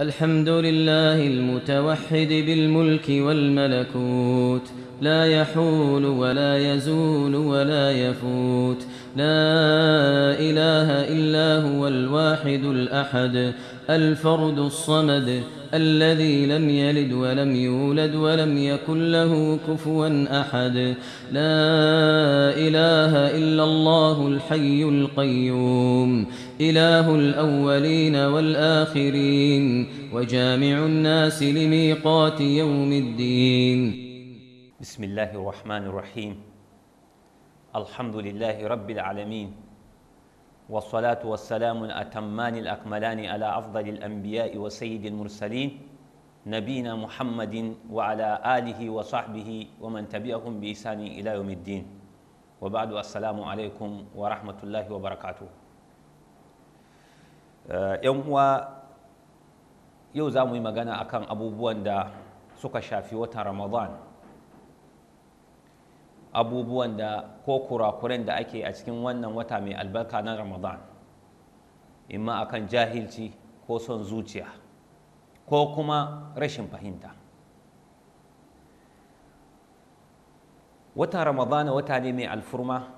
الحمد لله المتوحد بالملك والملكوت لا يحول ولا يزول ولا يفوت لا إله إلا هو الواحد الأحد الفرد الصمد الذي لم يلد ولم يولد ولم يكن له كفوا أحد لا إله إلا الله الحي القيوم إله الأولين والآخرين وجامع الناس لميقات يوم الدين بسم الله الرحمن الرحيم الحمد لله رب العالمين والصلاة والسلام الأتمان الأكملان على أفضل الأنبياء وسيد المرسلين نبينا محمد وعلى آله وصحبه ومن تبعهم بإحسان إلى يوم الدين وبعد السلام عليكم ورحمة الله وبركاته Eh, yan uwa yau za mu yi magana akan abubuwan da suka shafi wata ramadan abubuwan da ko kurakuren da ake a cikin wannan wata mai albarka na ramadan imma akan jahilci ko son zuciya ko kuma rashin fahimta watan ramadana wata ne mai alfurma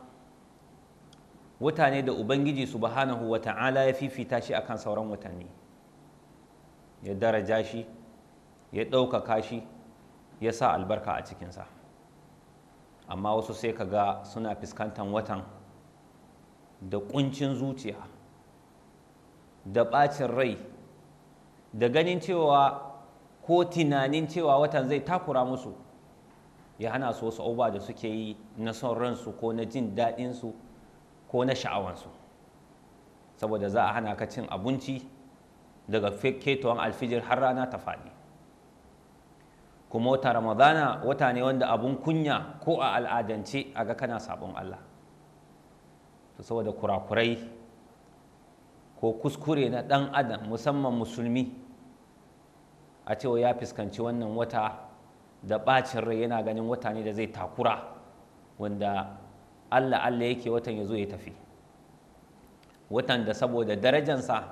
wata ne da ubangiji subhanahu wa ta'ala ya fifita shi akan sauran watanni ya daraja shi ya ɗaukaka shi ya sa albarka a cikinsa amma wasu sai ka ga suna fuskantar watan da ƙuncin zuciya da ɓacin rai da ganin cewa ko tunanin cewa watan zai takura musu ya hana su wasu da suke yi na son ransu ko na jin daɗinsu ko na sha'awansu saboda za a hana ka cin abinci daga ketowar alfijir har rana ta faɗi kuma wata ramadana wata ne wanda abun kunya ko a al'adance a ga kana sabon Allah to saboda kurakurai ko kuskure na ɗan adam musamman musulmi a cewa ya fuskanci wannan wata da ɓacin rai yana ganin wata ne da zai takura wanda allah allah yake watan ya zo ya tafi watan da saboda darajansa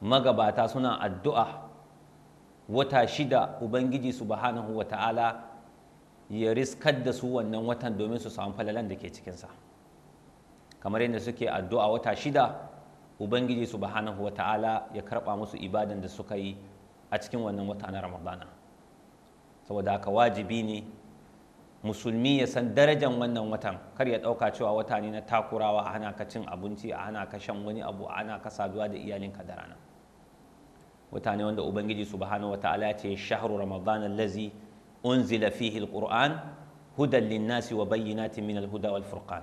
magabata suna addu'a wata shida ubangiji subhanahu wa ta'ala ya riskar da su wannan watan domin su samu falalan da ke cikinsa kamar yadda suke addu'a wata shida ubangiji subhanahu wa ta'ala ya karɓa musu ibadan da suka yi a cikin wannan wata na ramadana saboda haka wajibi ne musulmi ya san darajan wannan watan kar ya ɗauka cewa wata ne na takurawa a hana ka cin abinci a hana ka shan wani abu a hana ka saduwa da iyalinka da rana wata ne wanda ubangiji subhanahu wataala ya ce shahru ramadan allazi unzila fihi alquran hudan linnasi wa bayyinatin min alhuda wal furqan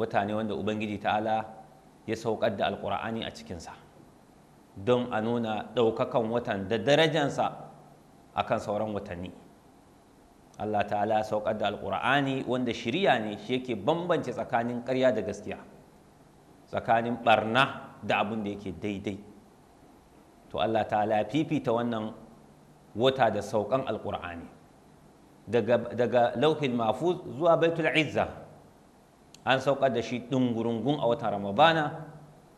wata ne wanda ubangiji ta'ala ya saukar da alqur'ani a cikinsa don a nuna ɗaukakan watan da darajansa akan sauran watanni Allah ta'ala ya saukar da alƙur'ani wanda shirya ne shi yake bambance tsakanin ƙarya da gaskiya tsakanin barna da abin da yake daidai to Allah ta'ala ya fifita wannan wata da saukan alƙur'ani daga, lauhin mafuz zuwa baitul izza an saukar da shi ɗungurungun a watan ramadana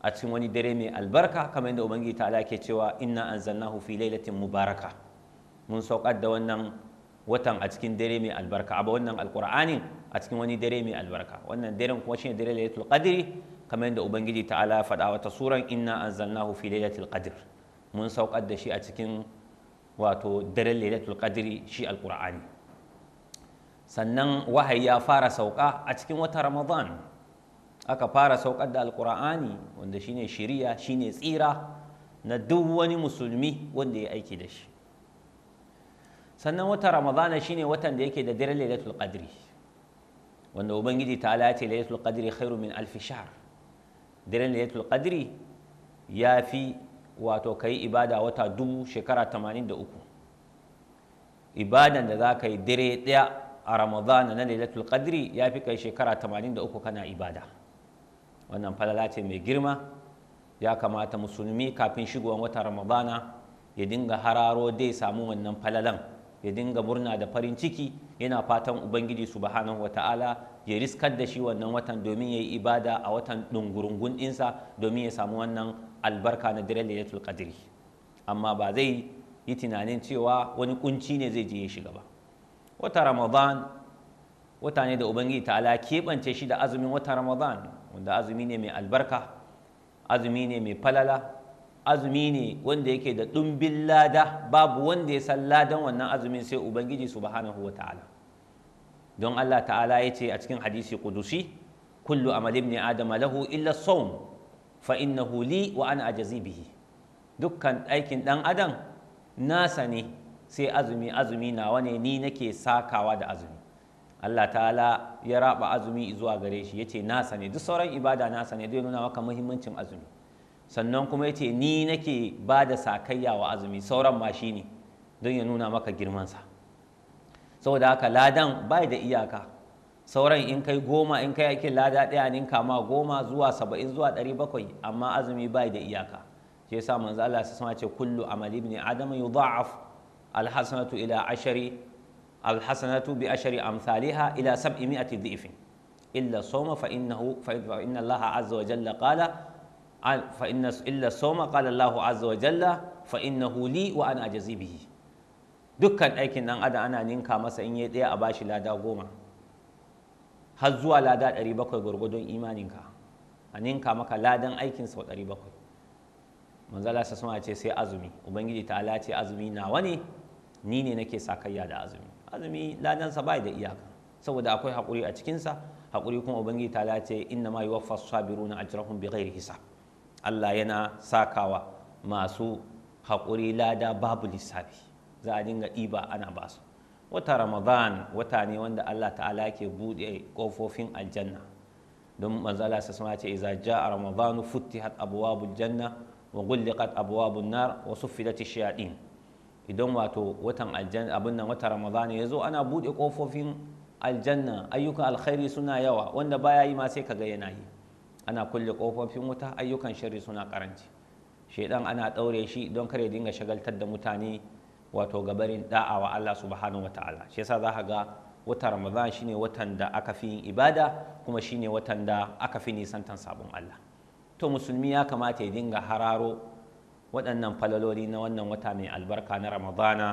a cikin wani dare mai albarka kamar yadda ubangiji ta'ala ke cewa inna anzalnahu fi lailatin mubaraka mun saukar da wannan watan a cikin dare mai albarka a wannan alkur'anin a cikin wani dare mai albarka wannan daren kuma shine dare lailatul qadri kamar yadda ubangiji ta'ala faɗa wata suran inna anzalnahu fi lailatul qadr mun saukar da shi a cikin wato daren lailatul qadri shi alkur'ani sannan wahayi ya fara sauka a cikin wata ramadan aka fara saukar da alkur'ani wanda shine shiriya shine tsira na duk wani musulmi wanda ya aiki da shi sannan wata ramadana shine watan da yake da daren lailatul qadri wanda ubangiji ta ala ce lailatul qadri khairu min alfi shahr daren lailatul qadri ya fi wato kai ibada wata dubu shekara uku. ibadan da za ka yi dare ɗaya a ramadana na lailatul qadri ya fi kai shekara uku kana ibada wannan falala ce mai girma ya kamata musulmi kafin shigowar wata ramadana ya dinga hararo dai samu wannan falalan ya dinga murna da farin ciki yana fatan ubangiji subhanahu ta'ala ya riskar da shi wannan watan domin ya yi ibada a watan ɗungurungun dinsa, domin ya samu wannan albarka na dare lailatul qadri amma ba zai yi tunanin cewa wani kunci ne zai je ya shiga ba wata ramadan wata ne da ubangiji ta'ala keɓance shi da azumin wata ramadan wanda azumi ne mai albarka azumi ne mai falala azumi ne wanda yake da ɗumbin lada babu wanda ya san ladan wannan azumin sai ubangiji subhanahu wata'ala don Allah ta'ala ya ce a cikin hadisi kudusi kullu amal ibn adam lahu illa son fa inna li wa ana a bihi dukkan aikin ɗan adam nasa ne sai azumi azumi nawa ne ni nake sakawa da azumi Allah ta'ala ya raba azumi zuwa gare shi ce nasa ne duk sauran ibada nasa ne zai nuna maka muhimmancin azumi sannan kuma ya ce ni nake ba da sakayya wa azumi sauran ma shi ne don ya nuna maka girmansa saboda haka ladan bai da iyaka sauran in kai goma in kai yakin lada ɗaya ninka kama goma zuwa saba'in zuwa ɗari bakwai amma azumi bai da iyaka shi yasa manzo Allah sai sama ce kullu amali ibn adam yudha'af alhasanatu ila ashari alhasanatu bi ashari amsalha ila sab'i mi'ati dhifin illa sawma fa innahu fa inna Allah azza wa jalla qala fa inna illa sawma qala Allahu azza jalla fa innahu li ana jazibihi. dukkan aikin nan adam ana ninka masa in yi daya a bashi lada goma har zuwa lada 700 gurgudun imaninka a ninka maka ladan aikin sau 700 manzala sa suna ce sai azumi ubangiji ta ala ce azumi nawa ne ni ne nake sa sakayya da azumi azumi ladansa bai da iyaka saboda akwai haƙuri a cikinsa haƙuri kuma ubangiji ta ala ce inna ma yuwaffa sabiruna ajrahum bighairi hisab Allah yana sakawa masu haƙuri lada babu lissafi za a dinga ɗiba ana ba su wata ramadan wata ne wanda Allah ta'ala ke buɗe ƙofofin aljanna don manzala sa sama ce iza ja'a ramadanu futtihat abwabul janna wa ghulqat abwabun nar wa suffidat shayatin idan wato watan aljanna abin nan wata ramadan ya zo ana buɗe ƙofofin aljanna ayyukan alkhairi suna yawa wanda baya yi ma sai kaga yana yi ana kulle kofofin wuta ayyukan shari suna karanci shaidan ana ɗaure shi don kare dinga shagaltar da mutane wato gabarin da'a wa Allah subhanahu wataala shi yasa zaka ga wata ramadan shine watan da aka fi ibada kuma shine watan da aka fi nisantan sabon Allah to musulmi ya kamata ya dinga hararo waɗannan falaloli na wannan wata mai albarka na ramadana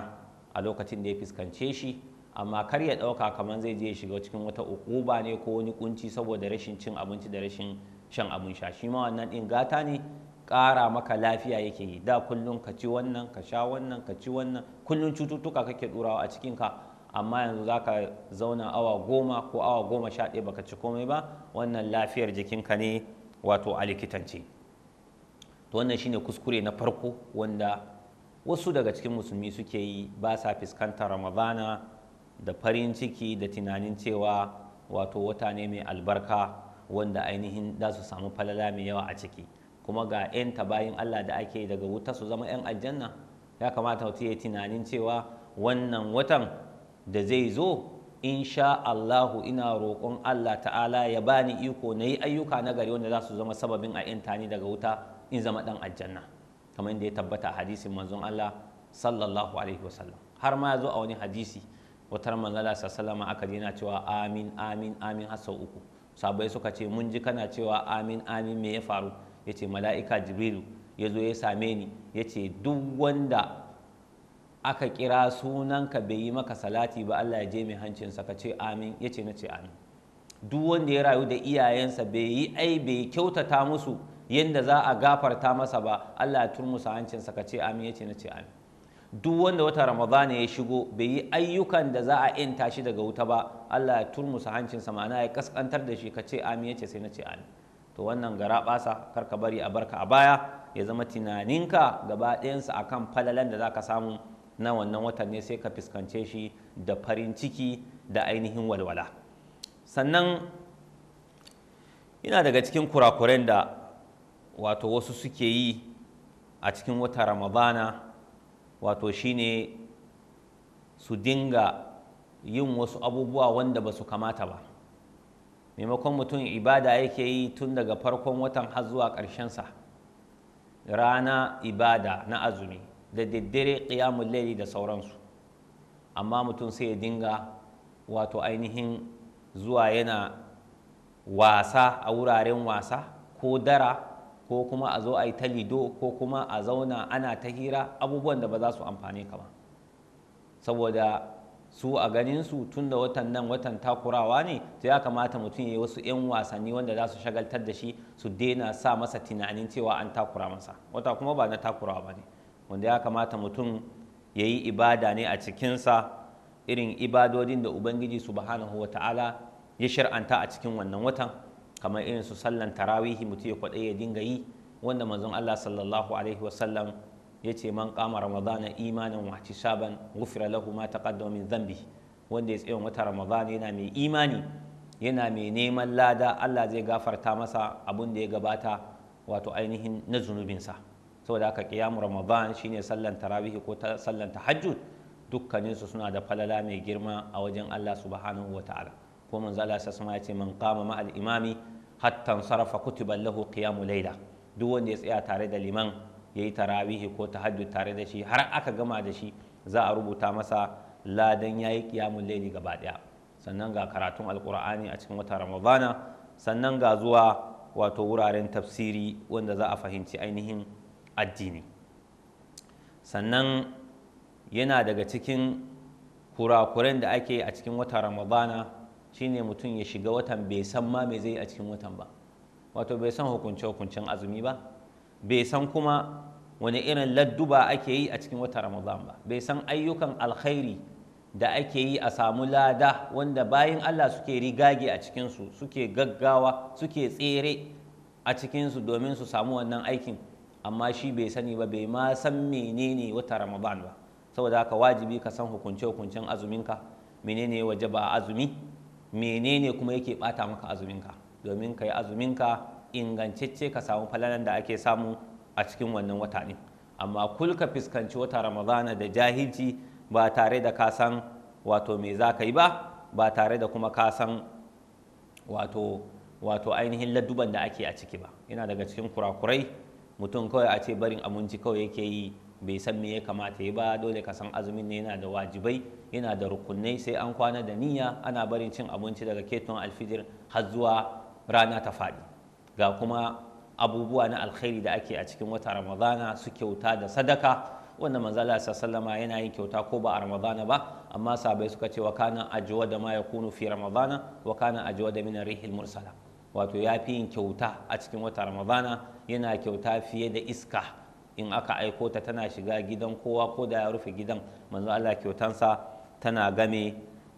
a lokacin da ya fuskance shi amma kar ya ɗauka kamar zai je shiga cikin wata ukuba ne ko wani kunci saboda rashin cin abinci da rashin shan abun sha shi ma wannan ɗin gata ne ƙara maka lafiya yake yi da kullum ka ci wannan ka sha wannan ka ci wannan kullum cututtuka kake ɗurawa a cikinka amma yanzu za ka zauna awa goma ko awa goma sha ɗaya baka ci komai ba wannan lafiyar jikinka ne wato a likitance to wannan shine kuskure na farko wanda wasu daga cikin musulmi suke yi ba sa fuskantar ramadana da farin ciki da tunanin cewa wato wata ne mai albarka wanda ainihin za su samu falala mai yawa a ciki kuma ga 'yan bayan Allah da ake daga wuta su zama 'yan aljanna ya kamata mutum ya tunanin cewa wannan watan da zai zo insha Allahu ina roƙon Allah ta'ala ya bani iko na yi ayyuka na gari wanda za su zama sababin a 'yan tani daga wuta in zama ɗan aljanna kamar yadda ya tabbata a hadisin manzon Allah sallallahu alaihi wasallam har ma ya zo a wani hadisi watar alaihi sallama aka dina cewa amin amin amin har sau uku sabai suka ce mun ji kana cewa amin amin me ya faru ya ce mala'ika jibrilu ya zo ya same ni ya ce duk wanda aka kira sunanka bai yi maka salati ba Allah ya je mai hancinsa ka ce amin ya ce na ce amin duk wanda ya rayu da iyayensa bai yi ai bai kyautata musu yadda za a gafarta masa ba Allah ya turmusa hancinsa ka ce amin ya ce na ce amin duk wanda wata ramadana ya shigo bai yi ayyukan da za a in tashi daga wuta ba Allah ya turmusa hancinsa ma'ana ya kaskantar da shi ka ce amin ya ce sai na ce amin to wannan gara basa kar ka bari a barka a baya ya zama tunaninka gaba ɗayansa kan falalan da za ka samu na wannan watan ne sai ka fuskance shi da farin ciki da ainihin walwala sannan ina daga cikin kurakuren da wato wasu suke yi a cikin wata ramadana wato shine su dinga yin wasu abubuwa wanda ba su kamata ba maimakon mutum ibada yake yi tun daga farkon watan har zuwa ƙarshensa rana ibada na azumi da daddare ƙiyamun laili da sauransu amma mutum sai ya dinga wato ainihin zuwa yana wasa a wuraren wasa ko dara ko kuma a zo a yi ta lido ko kuma a zauna ana ta hira abubuwan da ba za su amfane ka ba saboda su a ganinsu tun da watan nan watan takurawa ne to ya kamata mutum ya yi wasu 'yan wasanni wanda za su shagaltar da shi su daina sa masa tunanin cewa an takura masa wata kuma ba na takurawa ba ne wanda ya kamata mutum ya yi ibada ne a cikinsa irin ibadodin da ubangiji subhanahu wa ta'ala ya shar'anta a cikin wannan watan kamar irin su sallan tarawihi mutum ya kwaɗe ya dinga yi wanda manzon Allah sallallahu alaihi wasallam ya ce man kama ramadana imanin wace ihtisaban ghufira lahu ma taqaddama min dhanbi wanda ya tsayon wata ramadana yana mai imani yana mai neman lada Allah zai gafarta masa abun da ya gabata wato ainihin na zunubinsa saboda haka qiyamu ramadan shine sallan tarawihi ko sallan tahajjud dukkaninsu suna da falala mai girma a wajen Allah subhanahu wa ta'ala ko manzo Allah sa ya ce man qama ma al imami hatta sarafa kutiba lahu qiyamu layla duk wanda ya tsaya tare da liman yayi rawihi ko tahajjud tare da shi har aka gama da shi za a rubuta masa ladan yayi qiyamul layli gaba daya sannan ga karatun alqur'ani a cikin wata ramadana sannan ga zuwa wato wuraren tafsiri wanda za a fahimci ainihin addini sannan yana daga cikin kurakuren da ake a cikin wata ramadana shine mutum ya shiga watan bai san ma me zai a cikin watan ba wato bai san hukunce hukuncen azumi ba bai san kuma wani irin ladduba ake yi a cikin watan ramadan ba bai san ayyukan alkhairi da ake yi a samu lada wanda bayan Allah suke rigage a cikinsu suke gaggawa suke tsere a cikinsu domin su samu wannan aikin amma shi bai sani ba bai ma san menene wata ramadan ba saboda haka wajibi ka san hukunce hukuncen azuminka menene waje ba azumi menene kuma yake bata maka azuminka domin ka yi azuminka ingancacce ka samu falalan da ake samu a cikin wannan wata ne amma kul ka fuskanci wata ramadana da jahilci ba tare da ka san wato me za ka yi ba ba tare da kuma ka san wato wato ainihin ladduban da ake a ciki ba Ina daga cikin kurakurai mutum kawai a ce barin aminci kawai yake yi bai san me ya kamata ya ba dole ka san azumin ne yana da wajibai yana da rukunai sai an kwana da niyya ana barin cin abinci daga keton alfijir har zuwa rana ta faɗi ga kuma abubuwa na alkhairi da ake a cikin wata ramadana su kyauta da sadaka wanda manzala sallama yana yin kyauta ko ba a ramadana ba amma sabai suka ce wa kana ajuwa da ma kunu fi ramadana wa kana ajuwa da min rihil mursala wato ya fi yin kyauta a cikin wata ramadana yana kyauta fiye da iska in aka aiko ta tana shiga gidan kowa ko da ya rufe gidan manzo Allah kyautansa tana game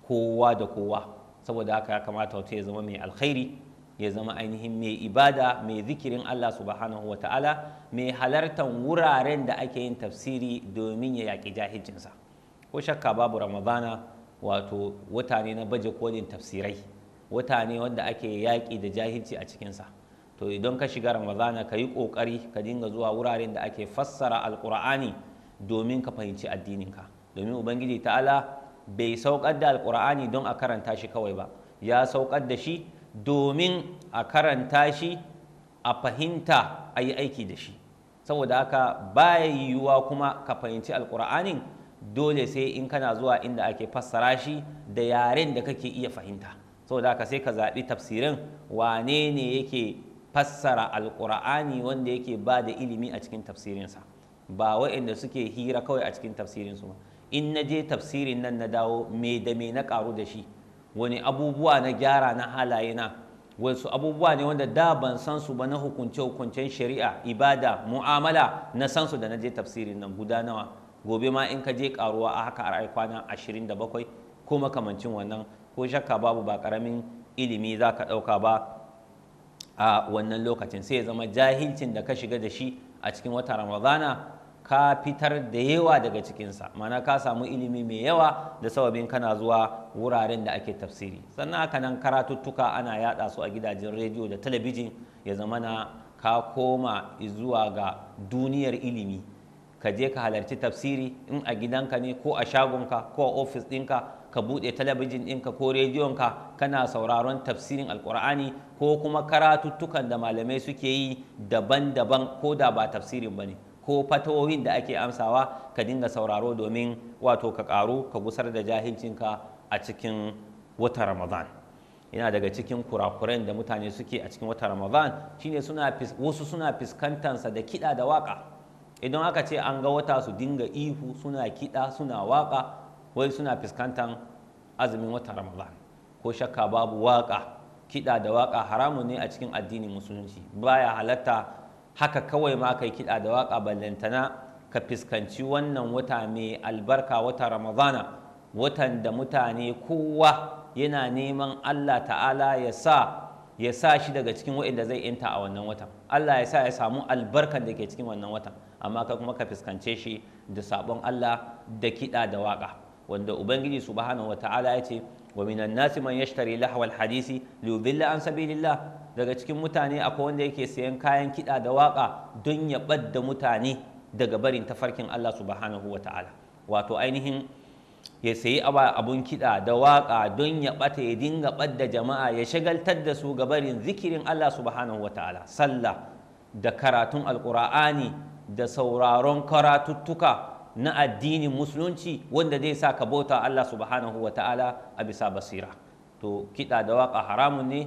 kowa da kowa saboda haka ya kamata wata ya zama mai alkhairi ya zama ainihin mai ibada mai zikirin Allah subhanahu wa ta'ala mai halartan wuraren da ake yin tafsiri domin ya yaƙi jahilcinsa ko shakka babu ramadana wato wata ne na baje kolin tafsirai wata ne wanda ake yaƙi da jahilci a cikinsa to idan ka shiga ramadana ka yi ƙoƙari ka dinga zuwa wuraren da ake fassara alƙur'ani domin ka fahimci addininka domin ubangiji ta'ala bai saukar da alƙur'ani don a karanta shi kawai ba ya saukar da shi domin a karanta shi a fahimta a yi aiki da shi saboda haka baya yiwuwa kuma ka fahimci alƙur'anin dole sai in kana zuwa inda ake fassara shi da yaren da kake iya fahimta saboda haka sai ka zaɓi tafsirin wane ne yake fassara alkur'ani wanda yake ba da ilimi a cikin tafsirinsa ba waɗanda suke hira kawai a cikin tafsirinsu ba in na je tafsirin nan na dawo me da me na ƙaru da shi wani abubuwa na gyara na halaye na wasu abubuwa ne wanda da ban san su ba na hukunce hukuncen shari'a ibada mu'amala na san su da na je tafsirin nan guda nawa gobe ma in ka je karuwa a haka a kwana bakwai ko makamancin wannan ko shakka babu ba karamin ilimi za ka ɗauka ba a wannan lokacin sai ya zama jahilcin da ka shiga da shi a cikin wata ramadana ka fitar da yawa daga cikinsa mana ka samu ilimi mai yawa da sababin kana zuwa wuraren da ake tafsiri sannan haka nan karatuttuka ana yada su a gidajen rediyo da talabijin ya zama na ka koma zuwa ga duniyar ilimi ka je ka halarci tafsiri in a gidanka ne ko a shagonka ko a ofis ɗinka ka buɗe talabijin ɗinka ko rediyonka kana sauraron tafsirin alkur'ani ko kuma karatuttukan da malamai suke yi daban-daban ko da ba tafsirin ba ne ko fatawohin da ake amsawa ka dinga sauraro domin wato ka karu ka gusar da jahilcinka a cikin wata ramadan yana daga cikin kurakuran da mutane suke a cikin wata ramadan shine suna wasu suna fiskantansa da kiɗa da waƙa. idan aka ce an ga wata su dinga ihu suna kiɗa suna waƙa, wai suna fiskantan azumin wata ramadan ko shakka babu waƙa. kiɗa da waka haramun ne a cikin addinin musulunci baya halatta haka kawai ma kai kiɗa da waƙa ballantana ka fuskanci wannan wata mai albarka wata ramadana watan da mutane kowa yana neman Allah ta'ala ya sa ya sa shi daga cikin waɗanda zai inta a wannan watan Allah ya sa ya samu albarkan da ke cikin wannan watan amma ka kuma ka fuskance shi da sabon Allah da kiɗa da waka. wanda ubangiji subhanahu ta'ala ya ce wa minan nasi man yashtari hadisi liyudilla an sabilillah daga cikin mutane akwai wanda yake sayan kayan kiɗa da waƙa don ya ɓadda mutane daga barin tafarkin Allah subhanahu wa ta'ala wato ainihin ya sayi abun kiɗa da waƙa don ya ɓata ya dinga ɓadda jama'a ya shagaltar da su ga barin zikirin Allah subhanahu wa ta'ala sallah da karatun alƙur'ani da sauraron karatuttuka na addinin musulunci wanda zai sa ka bauta Allah subhanahu wa ta'ala a bisa basira to kiɗa da waƙa haramun ne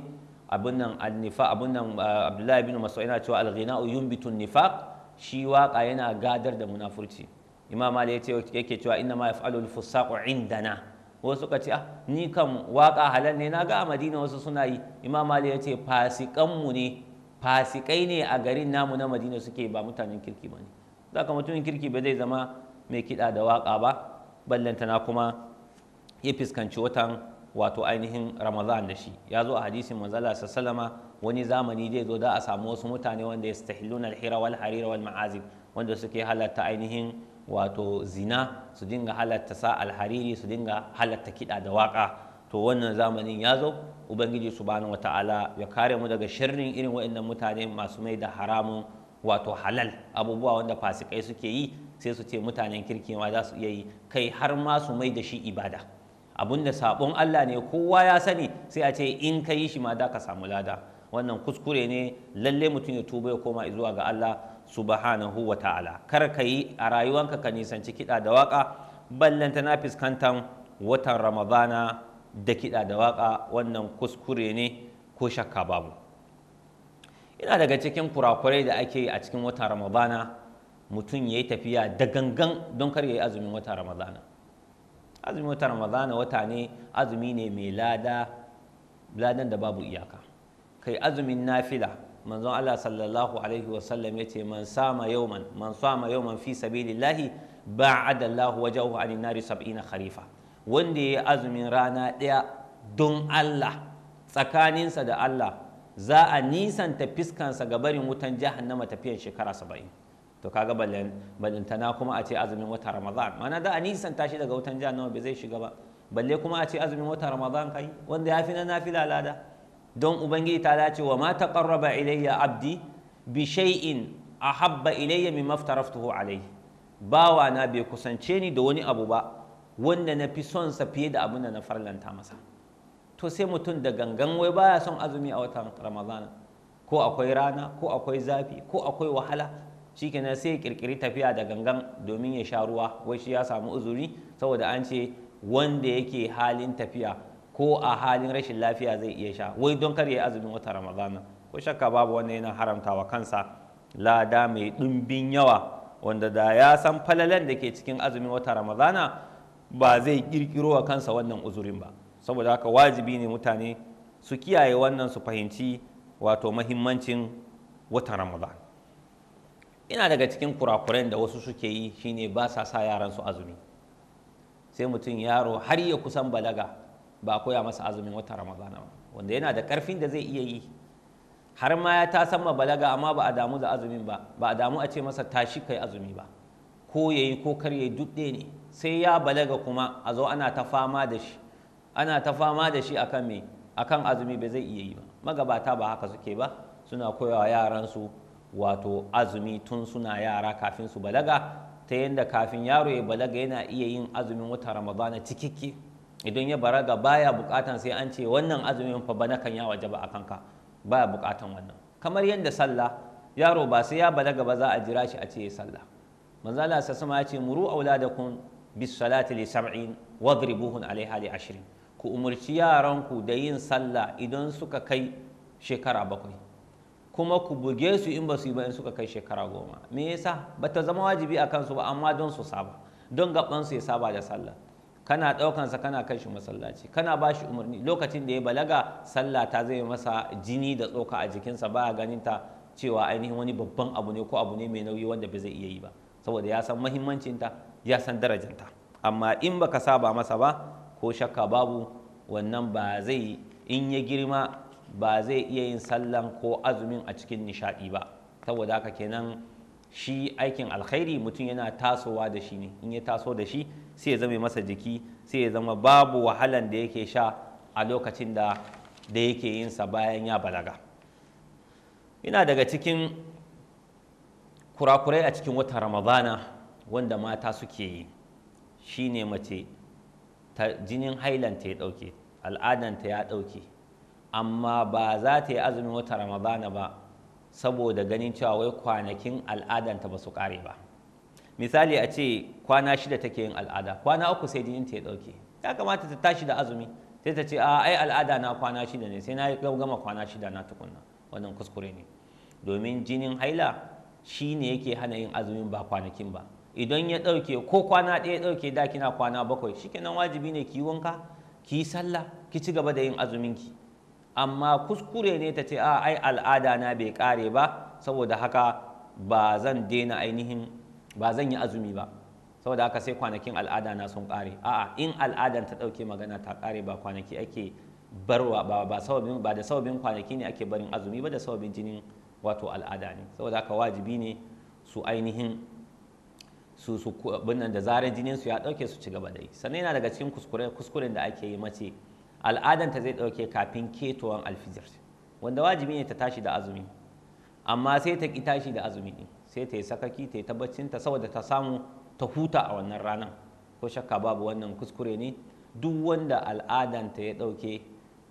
abin nan annifa abin nan ah, abdullahi bin mas'ud yana cewa al-ghina'u yunbitu nifaq shi waƙa yana gadar da munafurci imam ali yace yake cewa inna ma yaf'alu al-fusaqu indana wasu ka ce ah ni kam waƙa halal ne na ga a madina wasu suna yi imam ali yace fasikan mu ne fasikai ne a garin namu na madina suke ba mutanen kirki ba ne zaka mutumin kirki ba zai zama mai kiɗa da waƙa ba ballantana kuma ya fuskanci watan wato ainihin ramadan da shi ya zo a hadisin manzala salama wani zamani zai zo da a samu wasu mutane wanda ya stahiluna alhira wal harira wal ma'azib wanda suke halatta ainihin wato zina su dinga halatta sa alhariri su dinga halatta kiɗa da waƙa to wannan zamanin ya zo ubangiji subhanahu wata'ala ya kare mu daga shirrin irin waɗannan mutane masu mai da haramun wato halal abubuwa wanda fasikai suke yi sai su ce mutanen kirki ma za su iya yi kai har ma su mai da shi ibada abun da sabon Allah ne kowa ya sani sai a ce in ka yi shi ma za ka samu lada wannan kuskure ne lalle mutum ya tuba ya koma zuwa ga Allah subhanahu wa ta'ala kar ka yi a rayuwanka ka nisanci kiɗa da waƙa ballanta na fuskantan watan ramadana da kiɗa da waƙa wannan kuskure ne ko shakka babu ina daga cikin kurakurai da ake yi a cikin watan ramadana mutum ya yi tafiya da gangan don kar ya yi azumin wata ramadana azumin wata ramadana wata ne azumi ne mai lada ladan da babu iyaka kai azumin nafila manzon Allah sallallahu alaihi wasallam ya ce man sama yauman man sama yauman fi sabilillahi ba'ada Allah wajahu anin nari sab'ina kharifa wanda ya yi azumin rana ɗaya don Allah tsakaninsa da Allah za a nisanta fiskansa ga barin wutan jahannama tafiyan shekara saba'in to kaga ballantana kuma a ce azumin wata ramadan mana da a nisanta shi daga wutan jahannama bai zai shiga ba balle kuma a ce azumin wata ramadan kai wanda ya fi na nafila lada don ubangiji ta dace wa ma taqarraba ilayya abdi bi shay'in ahabba ilayya mimma aftaraftuhu alayhi bawa na bai kusance ni da wani abu ba wanda na fi son sa fiye da abin da na farlanta masa to sai mutum da gangan wai baya son azumi a watan ramadana ko akwai rana ko akwai zafi ko akwai wahala kenan sai kirkiri tafiya da gangan domin ya sha ruwa wai shi ya samu uzuri saboda an ce wanda yake halin tafiya ko a halin rashin lafiya zai iya sha wai don kar ya azumin wata ramadana ko shakka babu wanda yana haramtawa kansa lada mai ɗumbin yawa wanda da ya san falalen da ke cikin azumin wata ramadana ba zai kirkiro wa kansa wannan uzurin ba saboda haka wajibi ne mutane su kiyaye wannan su fahimci wato mahimmancin wata ramadana yana daga cikin kurakuren da wasu suke yi shine ba sa sa yaransu azumi sai mutum yaro har ya kusan balaga ba koya masa azumin wata ramadana ba wanda yana da karfin da zai iya yi har ma ya ta ma balaga amma ba a damu da azumin ba ba a damu a ce masa tashi kai azumi ba ko yayi ko kar ya duk ne sai ya balaga kuma a zo ana ta fama da shi ana ta fama da shi akan me akan azumi ba zai iya yi ba magabata ba haka suke ba suna koyawa yaransu wato azumi tun suna yara kafin su balaga ta yadda kafin yaro ya balaga yana iya yin azumin wata ramadana cikakke idan ya baraga baya bukatan sai an ce wannan azumin fa bana kan ya wajaba a kanka baya bukatan wannan kamar yadda sallah yaro ba sai ya balaga ba za a jira shi a ce sallah manzo Allah sassama ya ce muru auladakum bis salati li sab'in wadribuhun alaiha li ashirin ku umurci yaranku da yin sallah idan suka kai shekara bakwai kuma ku buge su in ba su yi ba in suka kai shekara goma me yasa ba ta zama wajibi a kansu ba amma don su saba don gaban su ya saba da sallah kana sa kana kai shi masallaci kana ba shi umarni lokacin da ya balaga sallah ta zai masa jini da tsoka a jikinsa ba ganin ta cewa ainihin wani babban abu ne ko abu ne mai nauyi wanda ba zai iya yi ba saboda ya san ta ya san darajanta amma in baka saba masa ba ko shakka babu wannan ba zai in ya girma ba zai iya yin sallan ko azumin a cikin nishaɗi ba saboda haka kenan shi aikin alkhairi mutum yana tasowa da shi ne in ya taso da shi sai ya zama masa jiki sai ya zama babu wahalan da yake sha a lokacin da da yake yin sa bayan ya balaga ina daga cikin kurakurai a cikin watan ramadana wanda mata suke yi shine mace jinin hailanta ya ɗauke al'adanta ya ɗauke amma ba za ta yi azumin wata ramadana ba saboda ganin cewa wai kwanakin al'adanta ba su kare ba misali a ce kwana shida take yin al'ada kwana uku sai jinin ta ya dauke ya kamata ta tashi da azumi sai ta ce a ai al'ada na kwana shida ne sai na gama kwana shida na tukunna wannan kuskure ne domin jinin haila shi ne yake hana yin azumin ba kwanakin ba idan ya dauke ko kwana ɗaya dauke da kina kwana bakwai shikenan wajibi ne ki wanka ki sallah ki ci gaba da yin azumin ki amma kuskure ne ta ce a ai al'ada na bai kare ba saboda haka ba zan daina ainihin ba zan yi azumi ba saboda haka sai kwanakin al'ada na sun kare a'a in al'adan ta ɗauke magana ta kare ba kwanaki ake barwa ba ba sababin ba da sababin kwanaki ne ake barin azumi ba da sababin jinin wato al'ada ne saboda haka wajibi ne su ainihin su su da zarar jinin su ya dauke su ci gaba da yi sannan yana daga cikin kuskuren da ake yi mace al'adanta zai ɗauke kafin ketowar alfijir wanda wajibi ne ta tashi da azumi amma sai ta ki tashi da azumi ne sai ta yi sakaki ta yi tabbacinta saboda ta samu ta huta a wannan ranar ko shakka babu wannan kuskure ne duk wanda al'adanta ya ɗauke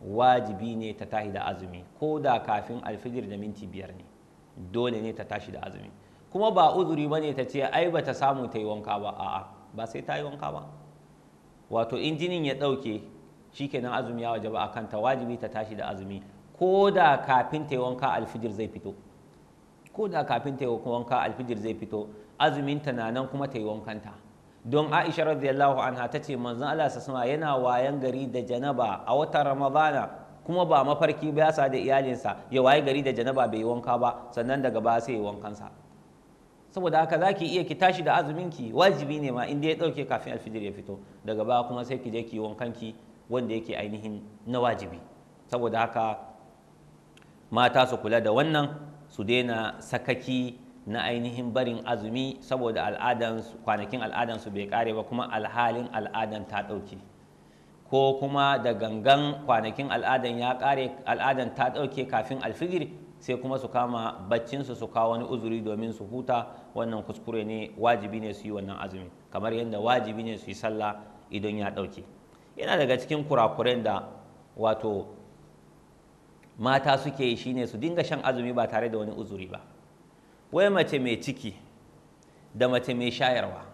wajibi ne ta tashi da azumi ko da kafin alfijir da minti biyar ne dole ne ta tashi da azumi kuma ba uzuri ba ne ta ce ai ba ta samu ta yi wanka ba a'a ba sai ta yi wanka ba wato injinin ya ɗauke shikenan azumi ya wajaba a kanta wajibi ta tashi da azumi ko da kafin ta wanka alfijir zai fito ko da kafin ta wanka alfijir zai fito azumin ta na nan kuma ta yi wankanta don Aisha radiyallahu anha ta ce manzan Allah sassama yana wayan gari da janaba a watan Ramadana kuma ba mafarki ba sa da iyalinsa ya waye gari da janaba bai wanka ba sannan daga ba sai wankansa saboda haka za ki iya ki tashi da azuminki wajibi ne ma inda ya ɗauke kafin alfijir ya fito daga ba kuma sai ki je ki wankanki wanda yake ainihin na wajibi saboda haka mata su kula da wannan su daina sakaki na ainihin barin azumi saboda kwanakin al'adansu bai kare ba kuma alhalin al'adan ta ɗauke ko kuma da gangan kwanakin al'adan ya kare al'adan ta ɗauke kafin alfijir sai kuma su kama baccinsu su kawo wani uzuri domin su huta wannan kuskure ne wajibi ne su yi wannan azumi kamar yadda wajibi ne su yi sallah idan ya ɗauke yana daga cikin kurakuren da wato mata suke yi shine su dinga shan azumi ba tare da wani uzuri ba wai mace mai ciki da mace mai shayarwa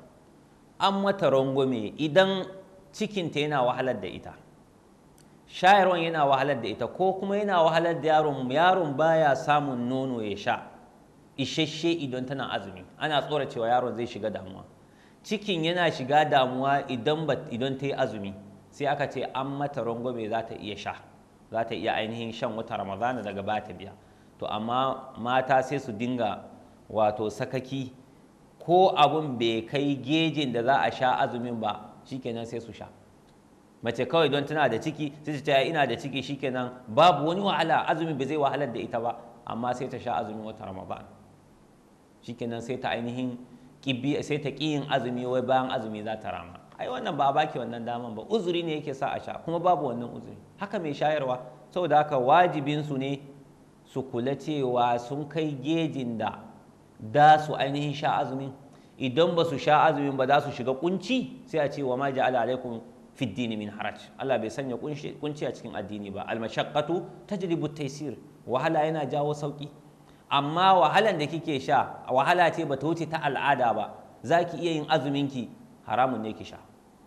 an mata rangwame idan cikinta yana wahalar da ita shayarwan yana wahalar da ita ko kuma yana wahalar da yaron yaron baya samun nono ya sha isasshe idan tana azumi ana tsoracewa yaron zai shiga damuwa cikin yana shiga damuwa idan ta yi azumi sai aka ce an mata rangwame za ta iya sha za ta iya ainihin shan wata ramadana daga ba ta biya to amma mata sai su dinga wato sakaki ko abun bai kai gejin da za a sha azumin ba shikenan sai su sha mace kawai don tana da ciki sai ta ya ina da ciki shikenan babu wani wahala azumin bai zai wahalar da ita ba amma sai ta sha azumin wata ramadan shikenan sai ta ainihin sai ta ƙi yin azumi wai bayan azumi za ta rama ai wannan ba a baki wannan daman ba uzuri ne yake sa a sha kuma babu wannan uzuri haka mai shayarwa saboda haka wajibin su ne su kula cewa sun kai gejin da da su ainihin sha azumin idan ba su sha azumin ba za su shiga kunci sai a ce wa ma ja'ala alaikum fiddini min haraj Allah bai sanya kunci a cikin addini ba almashaqqatu tajlibu taysir wahala yana jawo sauki amma wahalan da kike sha wahala ce ba ta wuce ta al'ada ba zaki iya yin azuminki haramun ne ki sha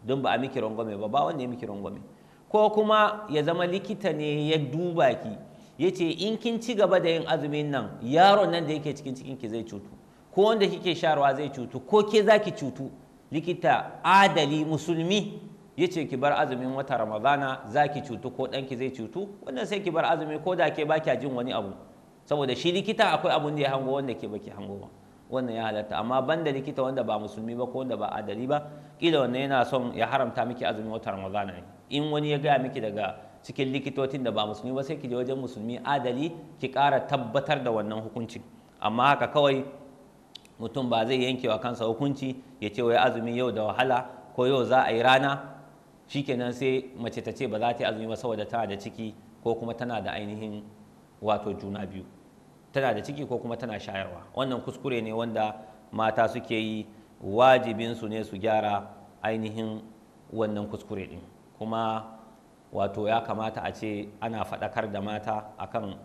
don ba a miki rangwame ba ba wanda ya miki rangwame ko kuma ya zama likita ne ya duba ki ya ce in kin ci gaba da yin azumin nan yaron nan da yake cikin cikin ki zai cutu ko wanda kike sharwa zai cutu ko ke za ki cutu likita adali musulmi ya ce ki bar azumin wata ramadana za ki cutu ko ɗanki zai cutu wannan sai ki bar azumi ko da ke baki jin wani abu saboda shi likita akwai abun da ya hango wanda ke baki hango ba wannan ya halatta amma banda likita wanda ba musulmi ba ko wanda ba adali ba kila wanne yana son ya haramta miki azumin watan ramadana ne in wani ya gaya miki daga cikin likitocin da ba musulmi ba sai ki je wajen musulmi adali ki ƙara tabbatar da wannan hukunci amma haka kawai mutum ba zai yanke wa kansa hukunci ya ce wai azumi yau da wahala ko yau za a yi rana shikenan sai mace ta ce ba za ta yi azumi ba saboda tana da ciki ko kuma tana da ainihin wato juna biyu tana da ciki ko kuma tana shayarwa wannan kuskure ne wanda mata suke yi wajibinsu ne su gyara ainihin wannan kuskure ɗin kuma wato ya kamata a ce ana faɗakar da mata akan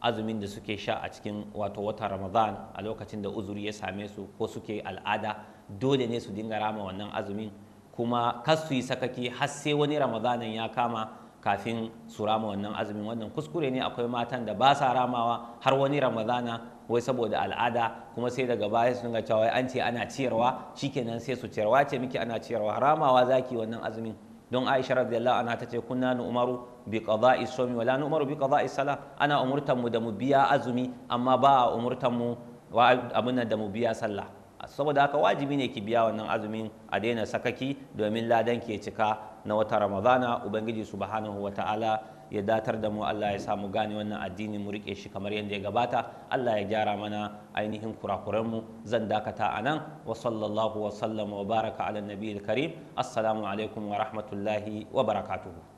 azumin da suke sha a cikin wato wata ramadan a lokacin da uzuri ya same su ko suke al'ada dole ne su dinga rama wannan azumin kuma kas su yi sakaki har sai wani ramadanin ya kama kafin su rama wannan azumin wannan kuskure ne akwai matan da ba sa ramawa har wani ramadana wai saboda al'ada kuma sai daga baya su dinga cewa an ce ana ciyarwa shikenan sai su ciyarwa ce miki ana ciyarwa ramawa zaki wannan azumin don Aisha radiyallahu anha tace kunna nu umaru bi qada'i sawmi wala nu umaru bi qada'i sala ana umurtan mu da mu biya azumi amma ba a umurtan mu abin da mu biya sallah saboda haka wajibi ne ki biya wannan azumin a daina sakaki domin ladan ke cika na wata ramadana ubangiji subhanahu wata'ala ya datar da mu Allah ya samu gane wannan addini mu rike shi kamar yadda ya gabata Allah ya gyara mana ainihin kurakuran mu zan dakata anan wa sallallahu wa sallama wa baraka ala nabiyil karim assalamu alaikum wa rahmatullahi wa barakatuhu